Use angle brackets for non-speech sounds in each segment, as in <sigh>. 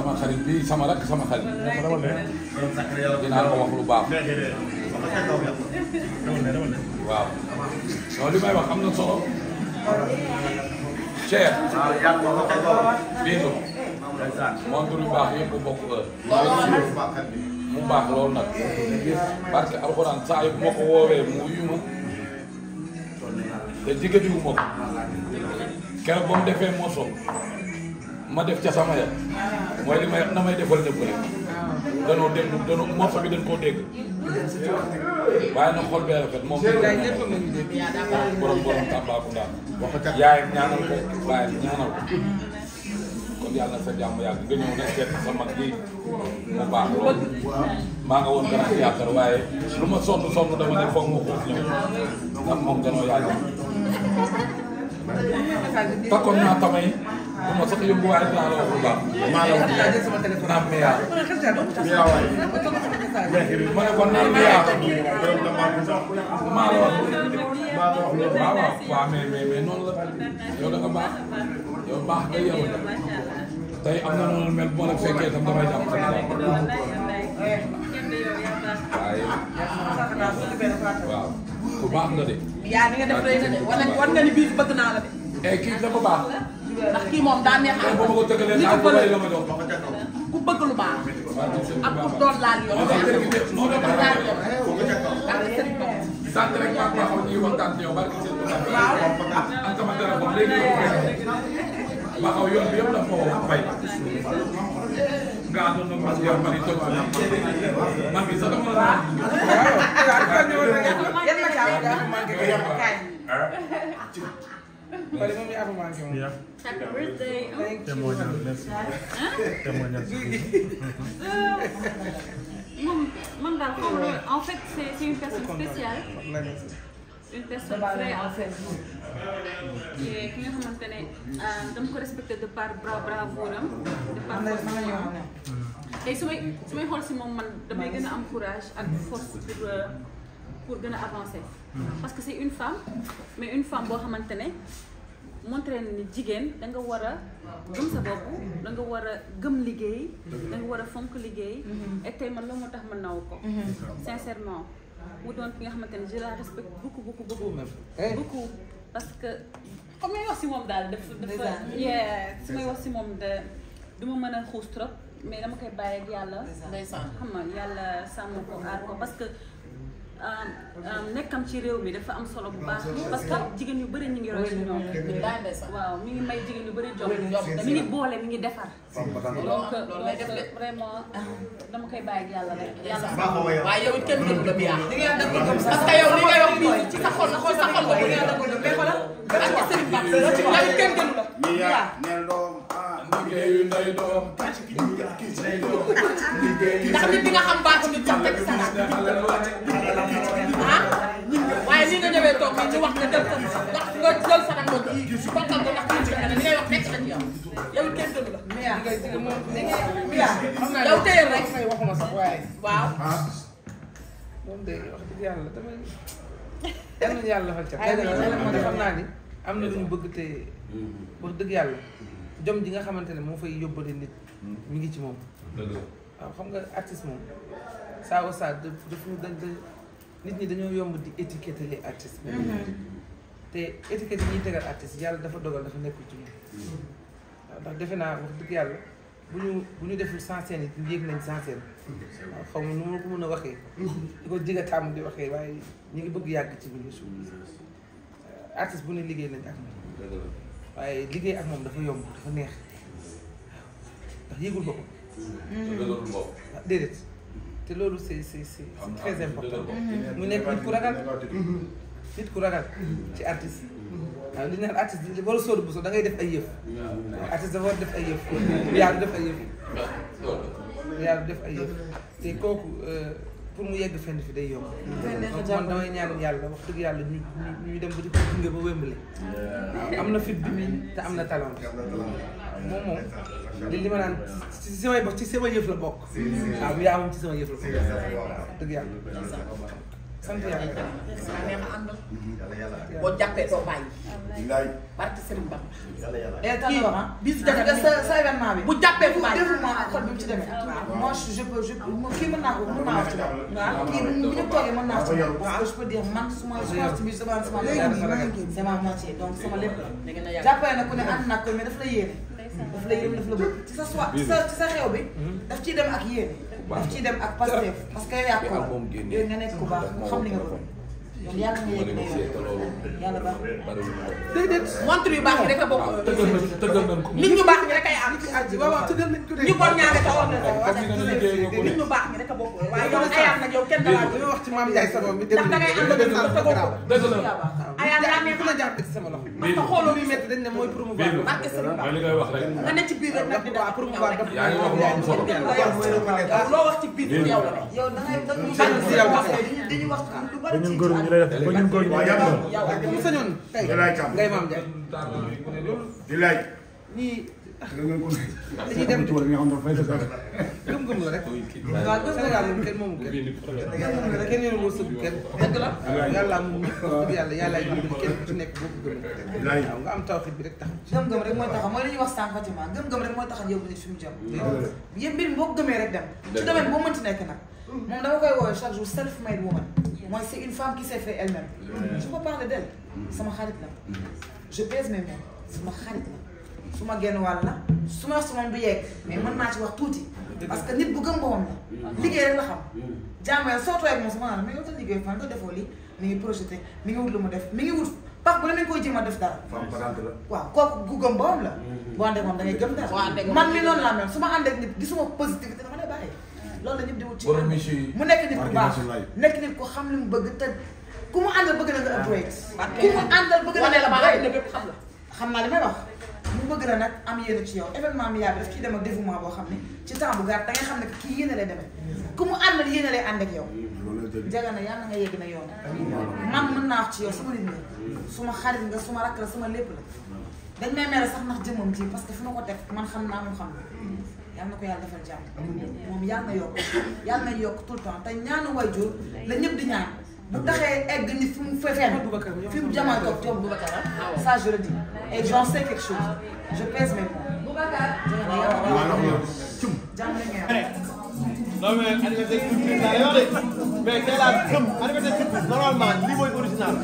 sama xarit bi sama rakk sama xarit. dinaa ko wax lu baax. waaw. non li may wax am na solo. Cheikh. Bintu. montre yu baax yëpp bokk heure. mu baax loolu nag. parce que alxuraan saa yu ma ko woowee mu wuyu ma. te jigéen yu ma ko. keroog ba mu defee moso. ma def ca sama yàq mooy li may na may defal nëbb rek danoo dégg danoo moo xam dañ koo dégg waaye nag xol bee rafet moom borom borom Tambacounda yaayam ñaanal ko baayam ñaanal ko kon yàlla na sa jàmm yàgg nga ñëw nag yi <laughs> bu ma sax yóbbu waaye dinaa la wax bu baax. maa la wax dëgg sama téléphone naam miyaa. miyaa waay. ma ne ko naam miyaa. maa la wax. maa la wax loolu waaw waaw mais mais mais noonu la yow da nga baax yow baax nga yow la tey am na noonu mel bu ma la fekkee itam damay jàpp sa waaw ku baax nga de. yaa ni nga def rek de wala war nga ni bii bëgg naa la de. Eh, kii dafa baax. ndax kii moom daa neex a li ko bëgg ku bëgg lu baax ak ku doon laal yoon sant rek maa ngi waxoon ñuy waxtaan ci yow barki seen tubaab yi. waaw ak sama téléphone léegi yow ba xaw yoon bi yëpp la foo fay. nga àndoon ak yow ma di toog man bi sax dama la. waaw waaw waaw. Pare moom yaa ko manqué moom. Happy birthday. Thank you. Témoignage. moom moom daal xaw ma en fait c' est une personne spéciale. une personne vraie en fait. et ki nga xamante ne dama ko eh, ah, respecté de par bra bravouram de par eh, force. tey su may su may xool si moom man damay gën a am courage ak force pour. pour gën a avancer. Hmm. parce que c'est une femme mais une femme boo xamante ne montré na ni jigéen da nga war a gëm sa bopp danga nga war a gëm liggéey. da nga war a fonk liggéey. Hmm. et tey man loolu moo tax ma naw ko. Hmm. sincèrement mu doon ki nga xamante ne je la respecte beaucoup beaucoup eh. parce que comme may wax si moom daal def dafa. su may wax si moom de du ma mën a xuus trop mais dama koy bàyyi yàlla. ndeysaan xam yàlla sàmm ko aar ko parce que. Euh, euh, nekkam ci réew mi dafa am solo bu baax parce que jigéen yu bëri ñu ngi roy ñoom waaw mi ngi may jigéen yu bëri jox mi ngi boole mi ngi defar donc vraiment dama koy bàyyi ak yàlla rek yàlla waaye yow kenn du la bi yaa parce que yow li nga yow nii ci sa xol xool sa xol ko bu nga dagg mais xoolal parce que sëriñ Ba yow kenn gënu la ah, ndax nit di nga xam baax nit sax teg sa yow téye rek waxuma sax yàlla dama yal nañu yàlla defal ca. naa ni am na lu ñu bëgg te wax dëgg yàlla jom ji nga xamante ne moo fay yóbbale nit mi ngi ci moom. waaw xam nga artiste moom saa ñi dañoo yomb di étiqueter les yi ñuy tegal yàlla dafa dogal dafa nekkul ci moom. waaw ndax defe naa wax dëgg yàlla. bu ñu bu ñu deful sanseen it yéeg nañ sanseen waaw xaw ma nu ma ko mën a waxee di ko diga tàmm di waxee waaye ñu ngi bëgg yàgg ci milieu showbiz artiste bu ne liggéey nañ ak waaye liggéey ak moom dafa yomb dafa neex yëgul ko ko waaw déedéet loolu c'est c'est c'est très important mm-hmm. mu nekk nit ku ragal nit ku ragal ci artiste waaw li ñu naan artiste war a sóor so da def ay yëf. waaw artiste dafa def ay yëf. yaa def ay yëf. yaa def ay yëf te kooku euh, pour mu yegg fenn fi day yomb. man damay ñaan yàlla wax dëgg yàlla ñu ñu dem ba di gunge ba wémbale. am na fit bi te am na talent bi. moom moom li li ma naan ci sama ci sama yëf la bokk. waaw ah, yaa moom ci sama la bokk. sant yàlla yàlla neex a àndal. boo jàppee doo bàyyi. bilaay barke Serigne Ba. yàlla yàlla eh, kii bis jafe sa sa événement bi. bu jàppee fu déroulement ak xol bi mu ci demee. moi je peux je peux kii mën naa ko mën naa wax ci moom. waaw kii bu ñu toogee mën naa ci moom. waaw je peux dire man su ma su ma su ma su ma c'est ma moitié donc sama lépp la. jàppee na ku ne ànd naa ko mais daf la yéene. daf la yéene daf la bëgg. ci sa soit ci sa xew bi. Hmm. daf ciy dem ak yéene. daf ciy dem ak Pastef parce que yaa ko yooyu nga nekk ku baax nga xam li nga bëgg. donc yàlla nga yegg ne yàlla baax. déedéet montre yu baax yi rek a bokk. tëggal nañ ko nit ñu baax ñi rek ay am. waaw waaw tëggal nañ ko de. ñu bon ñaar rek a war nañ ko waaw nit ñu baax ñi rek a bokk. waaye yow ay am nag yow kenn da wax ci maam Ndiaye Savon bi. ndax dangay am dëgg la dëgg la a jàpp ci sama loxo. mais ma xooloo muy métti dañ ne mooy promouvoir. marqué sama baax li ngay wax rek. nga ne ci biir rek nag di daal promouvoir dafa. yaa ngi wax lu am solo. loo wax ci biir yow la. yow da ngay dañuy dañuy wax lu bari ci ñun góor ñu lay def ba ñun góor ñu lay def. yow ku mu sañoon tey ngay maam Ndiaye. di laaj. ñii. dañuy dem de gëm-gëm la rek. waaw gëm Sénégal moom kenn moomu kenn. kenn yoonu wërsëg kenn dëgg la. yàlla moom ñëpp yàlla yàllaay dimbali kenn ci nekk boo ko gëm. waaw nga am tawxiid bi rek tax. gëm-gëm rek mooy tax mooy li ñuy wax sànq Fatima gëm-gëm rek mooy tax yóbbu nit fi mu jëm. yëpp mbir boo gëmee rek dem. ci domaine boo mënti nekk nag. moom dama koy woowee chaque jour self made woman. mooy c'est une femme qui s'est fait elle-même. je peux parler d'elle. sama xarit la. je pèse mes mots. sama xarit la su ma genn wàll la su ma wax su moom du yegg mais mën naa ci wax tuuti parce que nit bu gëm boppam la mm. liggéey rek la xam mm. jaamu yàlla soo tooyee moom ma naan mi ngi wutal liggéey fan nga defoo lii mi ngi projeté mi ngi wut lu mu def mi ngi wut pax bu ne mi ngi koy jéem a def dara waaw kooku gu gëm boppam la mm. boo àndee moom da ngay gëm dara man mi noonu laa mel ma àndee nit gisuma positivité dama lay bàyyi la ñëpp di wut ci mu nekk nit ku baax nekk nit li xam naa li ma wax mu bëgg la nag am yéene ci yow événement mi yaa bi daf ciy dem ak dévouement boo xam ne ci temps bu gàtt xam ne kii yéene lay demee ku mu àndal yéene lay ànd ak yow jaga na yàlla nga yegg na yoon man naa wax ci yow suma nit nga suma xarit nga suma rakk la suma lépp la dañ may mere sax ndax jëmmam ji parce que fi ma ko teg man xam naa moom xam yàlla na ko yàlla defal jàmm moom yàlla na yokk yàlla na yokk tout le temps te ñaanu waajur la ñëpp di ñaan bu taxee egg ni et j'en sais quelque chose je pèse mes mots. non mais animateur culture daal yow de mais tey laa gëm animateur culture normalement lii mooy original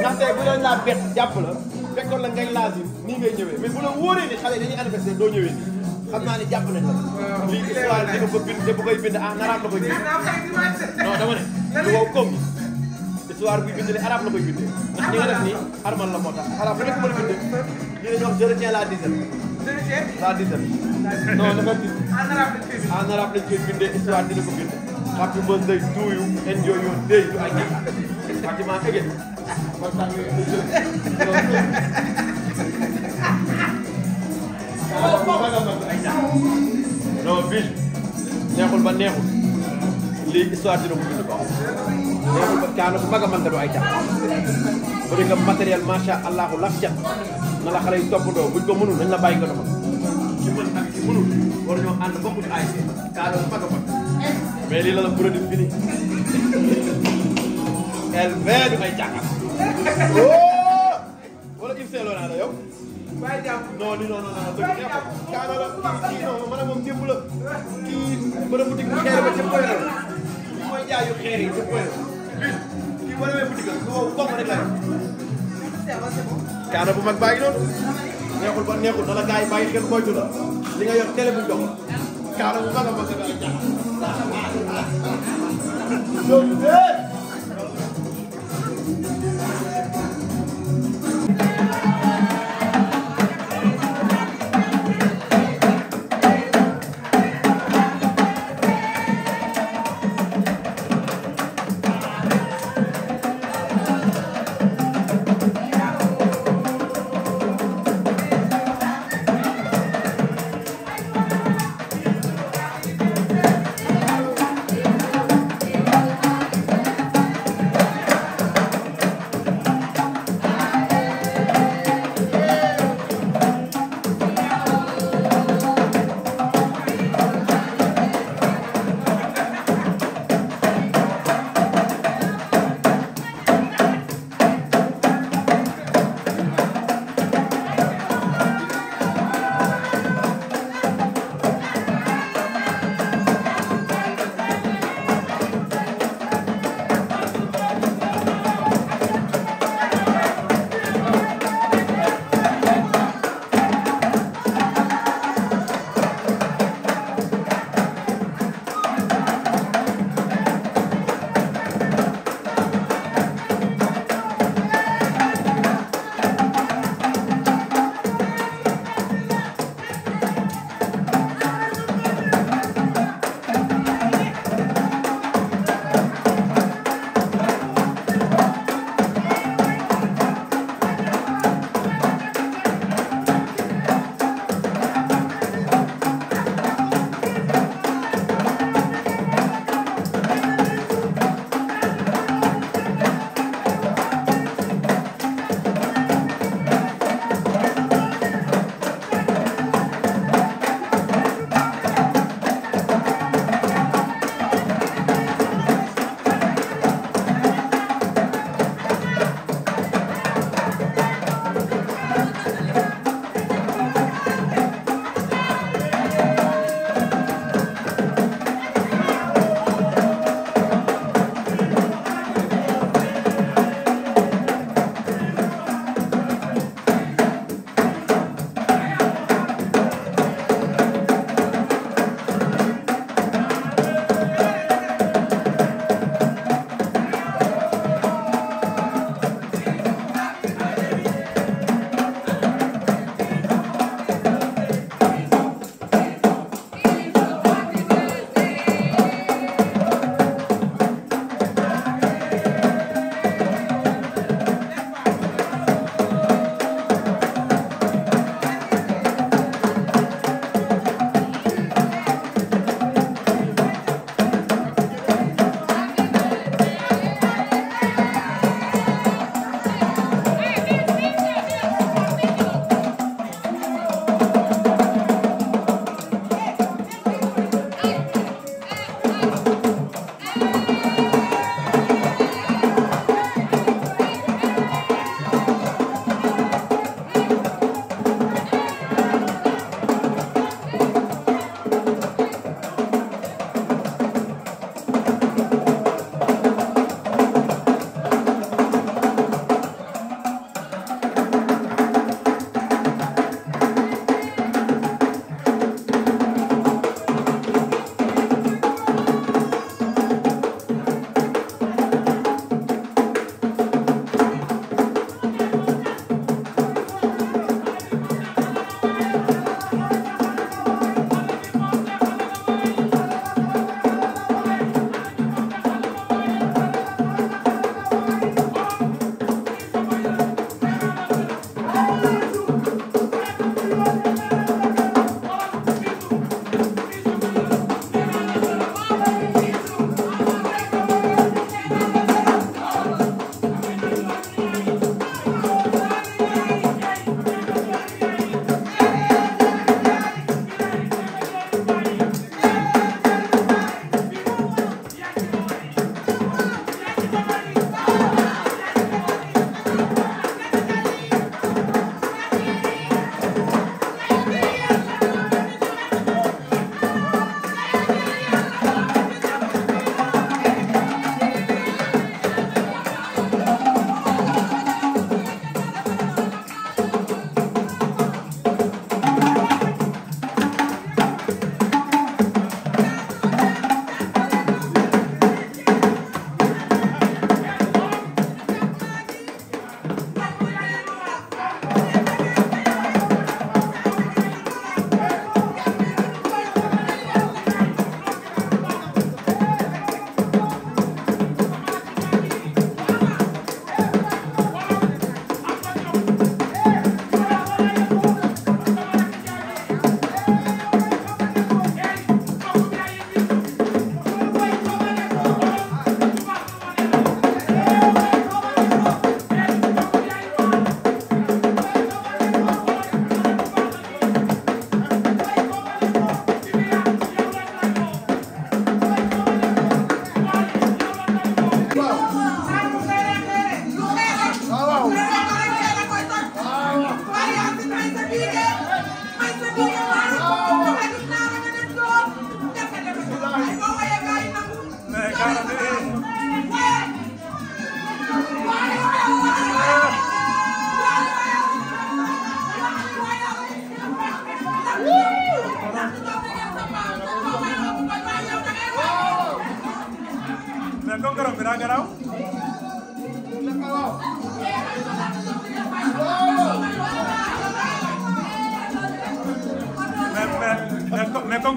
ndaxte bu doon laa bett jàpp la fekkoon la ngay laaj nii ngay ñëwee mais bu la wóoree ni xale dañuy anniversaire doo ñëwee nii xam naa ne jàpp nañ la. lii histoire dafa bind te bu koy bind ah naraam la koy bind. non dama ne. lu wow koom histoire buy bindee arab la koy bindee ndax li nga def nii armal la moo tax arab la nekk mën a bindee lii dañuy wax je retiens la dizaine. la dizaine. non dafa bind. en arabe lañ koy bindee en arabe lañ koy bindee histoire dina ko bindee. Happy birthday to you, enjoy your day to ay ñax. Fatima again. kontaan non bii neexul ba neexul lii histoire dina ko bind ko loolu kaanu bu mag a mën da doo ay cat bu dee nga matériel macha allah laf cat na la xale yu toppandoo buñ ko mënul nañ la bàyyi nga doxal ci mën ak ci mënul war ñoo ànd bokk ci ASC kaanu bu mag a mën mais lii la la produit fini LV du ay caaxaan wala Yves Saint Laurent la yow bàyyi jàmm non non non non dëgg yàlla kaana la kii non man moom ñëpp la kii borom boutique bu xeer ba ca Poyol mooy jaayu xeer yi ca Poyol kaana bu mag baa ngi noonu neexul ba neexul dana gars yi bàyyi xel moytu la li nga yor télé bu jox kaana bu mag a mag a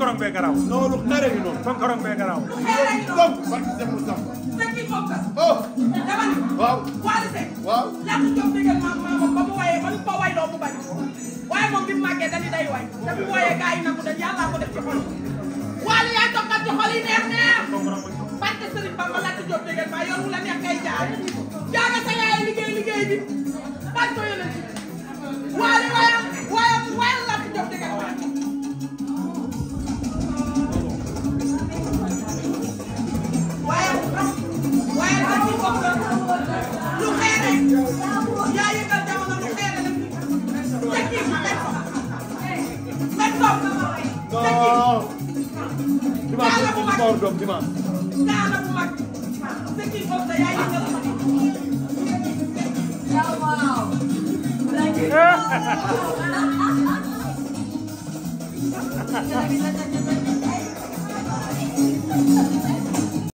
konkorong bee garaaw. noonu xare yi noonu. konkorong bee garaaw. loolu donc. barke Seck Moussa. Seck moom sax. oh. dama ni. waaw. Wally Seck. waaw. yàq Diop digal maa maa moom ba mu waayee ba mu ko waay doo mu bañ. waaye moom bi mu màggee dañu day waay. te bu wooyee gars yi nangu dañu yàlla ko def ci xol yi. Wally yaay toppat ci xol yi neex neex. barke Serigne Bamba laaj Diop digal maa yor wu la neex ngay jaar. jaaga sa yaay liggéey liggéey bi. bañ ko yële ci. Wally waaye waaye doom dimanche. daal ak mag. ce qui compte waaw